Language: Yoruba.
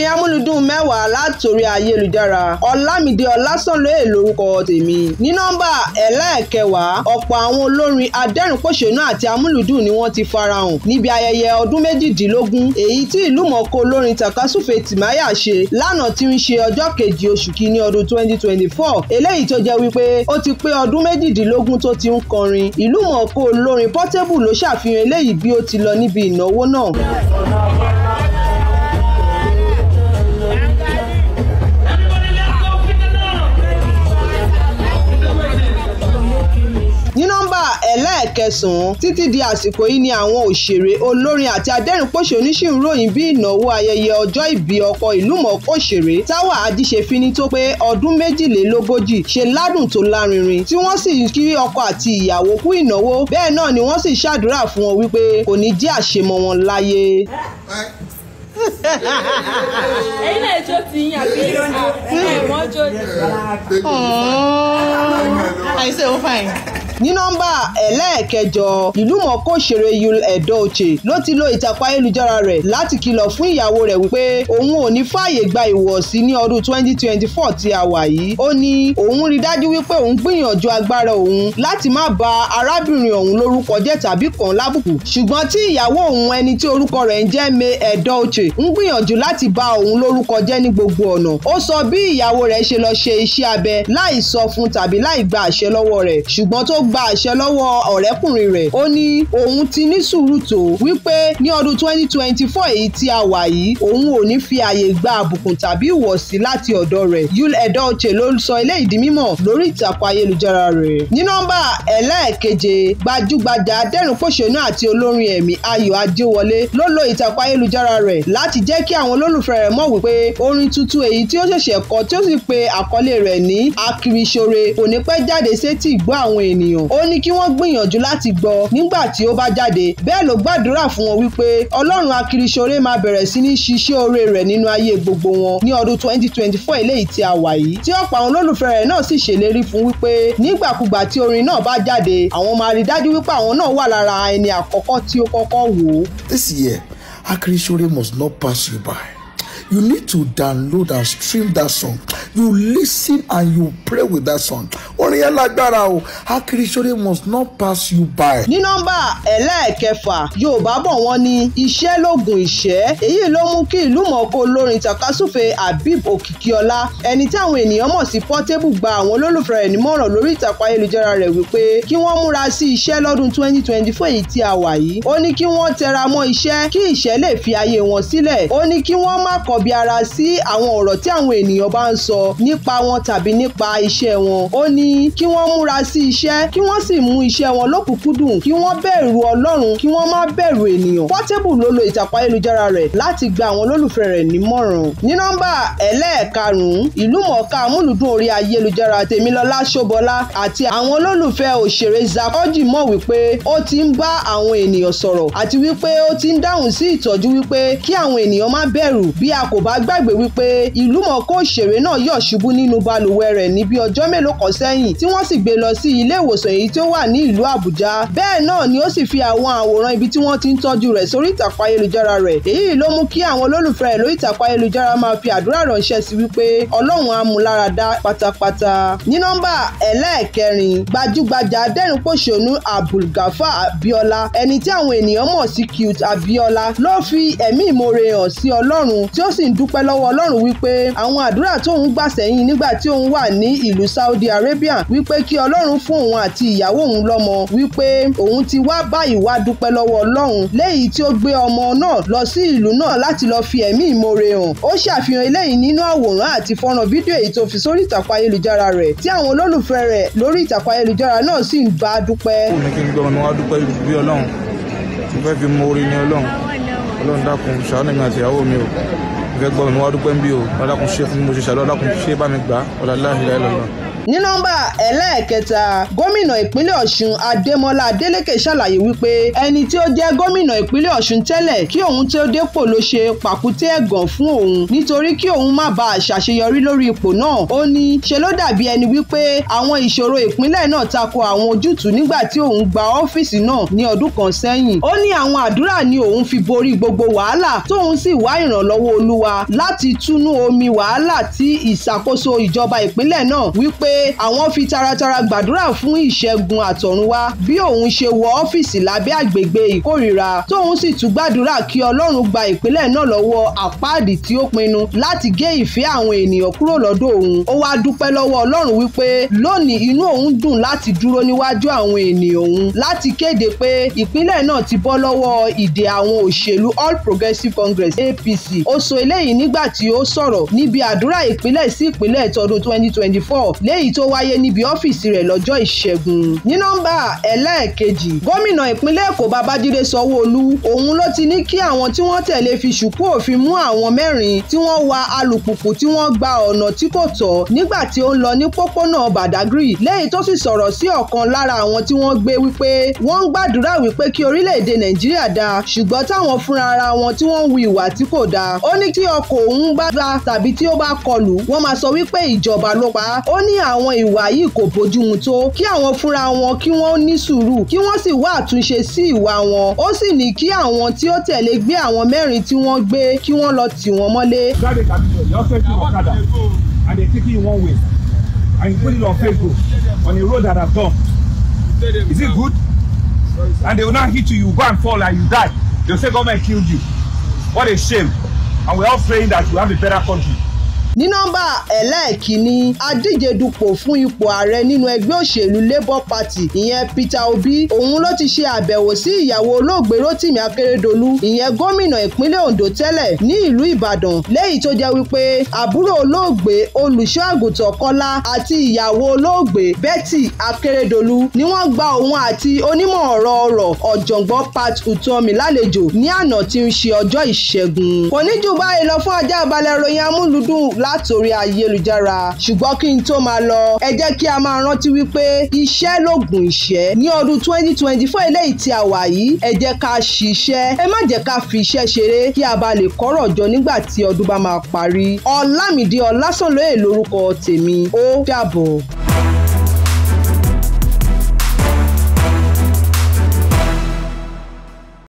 ìròyìn amúlùdùn mẹ́wàá látòrí ayélujára ọ̀làmídé ọ̀làsànlóye lórúkọ tèmi ní nọ́mbà ẹlẹ́ẹ̀kẹwàá ọ̀pọ̀ àwọn olórin adẹ́rìnpòṣónú àti amúlùdùn ni wọ́n ti farahàn níbi ayẹyẹ ọdún méjìdínlógún èyí tí ìlú mọ̀ọ́kọ olórin takasúfe tìmáyà ṣe lánàá tí ń ṣe ọjọ́ kejì oṣù kínní ọdún 2024 eléyìí tó jẹ́ wípé ó ti pé ọdún méjìdínlógún tó ti ń kọrin ìlú mọ̀ọ́kọ olórin ẹlẹ́ẹ̀kẹsàn-án títí di àsìkò yìí ni àwọn òṣèré olórin àti adẹ́rìnpòṣónú sì ń ròyìn bí ìnáwó ayẹyẹ ọjọ́ ìbí ọkọ ìlúmọ̀ọ́ká òṣèré táwa àdìṣefini tó pé ọdún méjìlélógójì ṣe ládùn tó lárinrin tí wọ́n sì kí ọkọ àti ìyàwó kú ìnáwó bẹ́ẹ̀ náà ni wọ́n sì ṣàdúrà fún wọn wípé kò ní jẹ́ àṣemọ wọn láyé ẹ̀yin náà jó ti yín àbí ẹ̀wọ̀n jó ni. àìsè ó fàyìn ní nọ́mbà ẹlẹ́ẹ̀kẹjọ ìlúmọ̀ọ́ká òṣèré Yul Edochie ló ti lo ìtàkùn ayélujára rẹ̀ láti kìlọ̀ fún ìyàwó rẹ̀ wípé òun ò ní fààyè gba ìwọ̀sí ní ọdún 2024 tí a wà yìí ó ní òun rí dájú wípé òun gbìyànjú agbára òun láti má ba arábìnrin òun lórúkọ jẹ́ tàbí kàn lábùkù ṣùgbọ́n tí ìyàwó òun ẹni tí orúkọ rẹ̀ ń jẹ́ May Edochie ń gbìyànjú láti ba òun lórúkọ jẹ́ ní gbogbo ọ̀nà ó sọ bí ìyàwó rẹ̀ ṣe lọ ṣe iṣẹ́ abẹ láì sọ fún tàbí láì gba àṣẹ lọ́wọ́ rẹ̀ ṣùgbọ́n tó gba àṣẹ lọ́wọ́ ọ̀rẹ́kùnrin rẹ̀ ó ní òun ti ní sùúrù tó wípé ní ọdún 2024 èyí tí a wà yìí òun ò ní fi àyè gba àbùkùn tàbí ìwọ̀sí láti ọ̀dọ̀ rẹ̀ Yul Edochie ló sọ ilé ìdí mímọ̀ lórí ìtàkùn ayélujára rẹ̀ ní nọ́mbà ẹlẹ́ẹ̀keje gbajúgbajà adẹ́rùnpòṣónú àti olórin ẹ̀mí Ayọ̀ Adéwọlé ló lo ìtàkùn ayélujára rẹ̀ láti jẹ́ kí àwọn olólùfẹ́ rẹ̀ mọ̀ wípé orin tuntun èyí tí ó ṣẹ̀ṣẹ̀ kọ tí ó sì pe àkọlé rẹ̀ ní akiriṣore kò ní pẹ́ jáde sétí ìgbọ́ àwọn ènìyàn lẹ́nu ó ní kí wọ́n gbìyànjú láti gbọ́ nígbà tí ó bá jáde bẹ́ẹ̀ ló gbàdúrà fún wọn wípé ọlọ́run akiriṣoré máa bẹ̀rẹ̀ sí ní ṣiṣẹ́ oore rẹ̀ nínú ayé gbogbo wọn ní ọdún 2024 eléyìí tí a wà yìí tí ọ̀pọ̀ àwọn olólùfẹ́ rẹ̀ náà sì ṣèlérí fún wípé nígbàkúgbà tí orin náà bá jáde àwọn máa rí dájú wípé àwọn náà wà lára ẹni àkọ́kọ́ tí ó kọ́kọ́ wò This year, Akirisore must not pass you by you need to download and stream that song you listen and you pray with that song orin yẹn lágbára o akirisore must not pass you by. ní nọ́mbà ẹlẹ́ẹ̀kẹfà yorùbá bọ̀ wọ́n ní iṣẹ́ lóògùn ìṣẹ́ èyí ló mú kí ìlú mọ̀ọ́kọ olórin takasúfè habib òkìkíọlá ẹni tí àwọn ènìyàn mọ̀ sí portable gba àwọn olólùfẹ́ rẹ̀ nímọ̀ràn lórí ìtàkùn ayélujára rẹ̀ wípé kí wọ́n múra sí iṣẹ́ lọ́dún 2024 èyí tí a wà yìí ó ní kí wọ́n tẹra mọ́ iṣẹ́ kí ìṣẹ́ lè fi ayé wọn sílẹ̀ ó ní kí wọ́n má kọ ọ̀bì ara sí àwọn ọ̀rọ̀ tí àwọn ènìyàn bá ń sọ nípa wọn tàbí nípa iṣẹ́ wọn ó ní kí wọ́n múra sí iṣẹ́ kí wọ́n sì mú iṣẹ́ wọn lókùnkúndùn kí wọ́n bẹ̀rù ọlọ́run kí wọ́n má bẹ̀rù ènìyàn Portable ló lo ìtàkùn ayélujára rẹ̀ láti gba àwọn olólùfẹ́ rẹ̀ nímọ̀ràn ní nọ́mbà ẹlẹ́ẹ̀karùn-ún ìlúmọ̀ọ́ká amúlùdún orí ayélujára Tèmilọ́lá Ṣóbọlá àti àwọn olólùfẹ́ òṣèré Zakọ́jì mọ̀ wípé ó ti ń bá àwọn ènìyàn sọ̀rọ̀ àti wípé ó ti ń dáhùn sí ìtọ́jú wípé kí àwọn ènìyàn má bẹ̀rù bí a kò bá gbàgbé wípé ìlúmọ̀ọ́ká òṣèré náà yọ̀ ṣubú nínú balùwẹ̀ rẹ̀ ní bí ọjọ́ mélòó kan sẹ́yìn tí wọ́n sì gbé lọ sí ilé ìwòsàn èyí tí ó wà ní ìlú Àbújá bẹ́ẹ̀ náà ni ó sì fi àwọn àwòrán ibi tí wọ́n ti ń tọ́jú rẹ̀ sórí ìtàkùn ayélujára rẹ̀ èyí ló mú kí àwọn olólùfẹ́ rẹ̀ lórí ìtàkùn ayélujára máa fi àdúrà ránṣẹ́ sí wípé Ọlọ́run á mú lára dá pátápátá ní nọ́mbà ẹlẹ́ẹ̀kẹrin gbajúgbajà adẹ́rìnpòṣónú Abdulgafa Abiola ẹni tí àwọn ènìyàn mọ̀ sí Cute Abiola ló fi ẹ̀mí ìmoore hàn sí Ọlọ́run tí ó sì sì ń dúpẹ́ lọ́wọ́ ọlọ́run wípé àwọn àdúrà tóun gbà sẹ́yìn nígbà tí òun wà ní ìlú Saudi Arabia wípé kí ọlọ́run fún òun àti ìyàwó òun lọ́mọ wípé òun ti wá báyìí wá dúpẹ́ lọ́wọ́ ọlọ́run léyìí tí ó gbé ọmọ náà lọ sí ìlú náà láti lọ fi ẹ̀mí ìmoore hàn ó ṣàfihàn eléyìí nínú àwòrán àti fọ́nrán fídíò èyí tó fi sórí ìtàkùn ayélujára rẹ̀ a dúpẹ́. ó ọlọ́run dákun ṣàánú mi àti ìyàwó mi o ìfẹ́ gbọ́ mi wá dúpẹ́ ń bí o ọlọ́dàkùn ṣe fún mi mo ṣe ṣàlọ́ ọlọ́dàkùn ṣe bá mi gbà ọ̀làláhìlá ìlọ́lọ́ ní nọ́mbà ẹlẹ́ẹ̀kẹta gómìnà ìpínlẹ̀ ọ̀ṣun adémọ́lá adélékè ṣàlàyé wípé ẹni tí ó jẹ́ gómìnà ìpínlẹ̀ ọ̀ṣun tẹ́lẹ̀ kí òun tí ó dépò ló ṣe pàkúté ẹ̀gàn fún òun nítorí kí òun má bàa ṣàṣeyọrí lórí ipò náà ó ní ṣe ló dàbí ẹni wípé àwọn ìṣòro ìpínlẹ̀ náà tako àwọn ojútùú nígbà tí òun gba ọ́fíìsì náà ní ọdún kan sẹ́yìn ó ní àwọn àdúrà ni òun fi borí gbogbo wàhálà tóun sì wá ìrànlọ́wọ́ olúwa láti túnú omi wàhálà tí ìṣàkóso ìjọba ìpínlẹ̀ náà wípé pé àwọn fi taratara gbàdúrà fún ìṣẹ́gun àtọ̀runwá bí òun ṣe wọ ọ́fíìsì lábẹ́ àgbègbè ìkórìíra tóun sì tún gbàdúrà kí ọlọ́run gba ìpínlẹ̀ náà lọ́wọ́ àpáàdì tí ó pinnu láti gé ìfẹ́ àwọn ènìyàn kúrò lọ́dọ̀ òun ó wá dúpẹ́ lọ́wọ́ ọlọ́run wípé lónìí inú òun dùn láti dúró níwájú àwọn ènìyàn òun láti kéde pé ìpínlẹ̀ náà ti bọ́ lọ́wọ́ ìdè àwọn òṣèlú All Progressives Congress APC ó sọ eléyìí nígbà tí ó sọ̀rọ̀ níbi àdúrà ìpínlẹ̀ sí ìpínlẹ̀ tọdún 2024 lé eléyìí tó wáyé níbi ọ́fíìsì rẹ̀ lọ́jọ́ ìṣẹ́gun ní nọ́mbà ẹlẹ́ẹ̀kejì gómìnà ìpínlẹ̀ èkó babájídé sanwó-olú òun ló ti ní kí àwọn tí wọ́n tẹ̀lé fi ṣùkú òfin mú àwọn mẹ́rin tí wọ́n wa alùpùpù tí wọ́n gba ọ̀nà tí kò tọ́ nígbà tí ó ń lọ ní pópónà badagry léyìí tó sì sọ̀rọ̀ sí ọ̀kan lára àwọn tí wọ́n gbé wípé wọ́n ń gbàdúrà wípé kí orílẹ̀-èdè nàìjíríà dáa ṣùgbọ́n táwọn fúnra ara wọn tí wọ́n ń wu ìwà tí kò dáa ó ní tí ọkọ̀ òun bá gbà tàbí tí ó bá kọlù wọ́n máa sọ wípé ìjọba ló pa á àwọn ìwà yìí kò bójúmu tó kí àwọn fúnra wọn kí wọ́n ní sùúrù kí wọ́n sì wá àtúnṣe sí ìwà wọn ó sì ní kí àwọn tí ó tẹ̀lé gbé àwọn mẹ́rin tí wọ́n gbé kí wọ́n lọ tì wọ́n mọ́lé. jáde tàbí yọ sẹ́kì ọ̀kadà and they take you one way and you put it on Facebook on a road that has gone is it good and they will now hit you you go and fall and you die they say government killed you what a shame and we are all praying that we have a better country ní nọ́mbà ẹlẹ́ẹ̀kínní adíje dupò fún ipò ààrẹ nínú ẹgbẹ́ òṣèlú labour party ìyẹn peter obi òun ló ti ṣe àbẹ̀wò sí ìyàwó olóògbé rotimi akeredolu ìyẹn gómìnà ìpínlẹ̀ ondo tẹ́lẹ̀ ní ìlú ìbàdàn léyìí tó jẹ́ wípé àbúrò olóògbé olùṣọ́ kọ́lá àti ìyàwó olóògbé betty akeredolu ni wọ́n gba òun àti onímọ̀ ọ̀rọ̀ ọ̀rọ̀ ọ̀jọ̀gbọ́n pat utomi lálejò ní àná tí ń ṣe ọjọ́ ìṣẹ́gun kò ní jù báyìí lọ látòrí ayélujára ṣùgbọ́n kí n tó máa lọ ẹ jẹ́ kí a máa rántí wípé iṣẹ́ lògùn ìṣẹ́ ní ọdún 2024 eléyìí tí a wà yìí ẹ jẹ́ ká ṣiṣẹ́ ẹ má jẹ́ ká fi iṣẹ́ ṣeré kí a bá lè kọ́rọ̀ jọ nígbà tí ọdún bá máa parí ọlámìdí ọlásànlóye lórúkọ tèmi ó dàbọ̀.